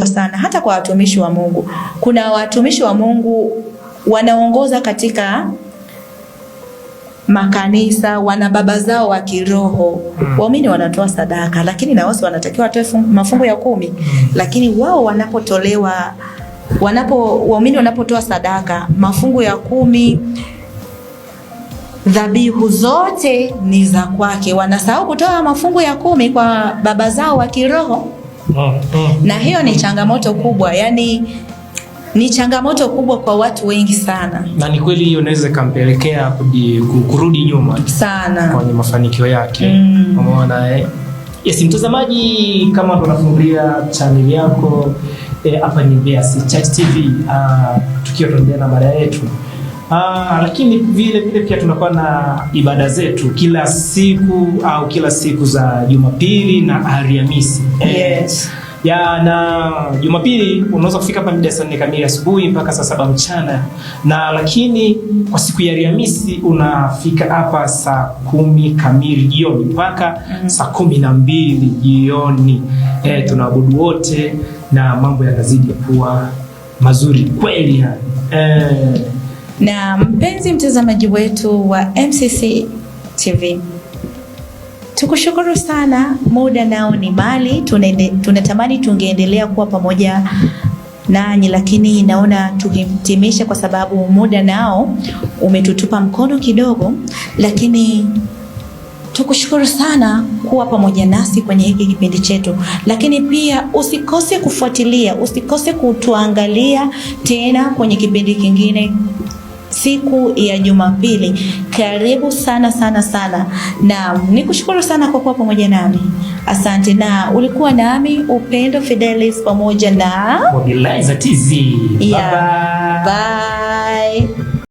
sana hata kwa watumishi wa Mungu. Kuna watumishi wa Mungu wanaongoza katika makanisa, wana baba zao wa kiroho. Hmm. Waumini wanatoa sadaka, lakini na wao wanatakiwa watoe mafungu ya kumi, hmm. lakini wao wanapotolewa, wanapo waumini wanapotoa sadaka, mafungu ya kumi dhabihu zote ni za kwake, wanasahau kutoa mafungu ya kumi kwa baba zao wa kiroho. Na hiyo ni changamoto kubwa, yani ni changamoto kubwa kwa watu wengi sana, na ni kweli hiyo inaweza ikampelekea kurudi nyuma sana kwenye mafanikio yake mm. Umeona eh? Yes, mtazamaji, kama tunafungulia chaneli yako eh, hapa eh, ni Beas Church TV uh, ah, tukiwa tunaendelea na mada yetu Aa, ah, lakini vile vile pia tunakuwa na ibada zetu kila siku au kila siku za Jumapili na Alhamisi. Yes. Ya na Jumapili unaweza kufika hapa mida saa nne kamili asubuhi mpaka saa saba mchana, na lakini kwa siku ya Alhamisi unafika hapa saa kumi kamili jioni mpaka mm-hmm. saa kumi na mbili jioni e, tunaabudu wote na mambo yanazidi kuwa mazuri kweli yani. E, na mpenzi mtazamaji wetu wa MCC TV, tukushukuru sana. Muda nao ni mali, tunatamani tungeendelea kuwa pamoja nanyi, lakini naona tuhitimisha, kwa sababu muda nao umetutupa mkono kidogo, lakini tukushukuru sana kuwa pamoja nasi kwenye hiki kipindi chetu, lakini pia usikose kufuatilia, usikose kutuangalia tena kwenye kipindi kingine siku ya Jumapili. Karibu sana sana sana, na nikushukuru sana kwa kuwa pamoja nami, asante. Na ulikuwa nami Upendo Fidelis pamoja na Mobilizer TV. Yeah. Bye bye. Bye.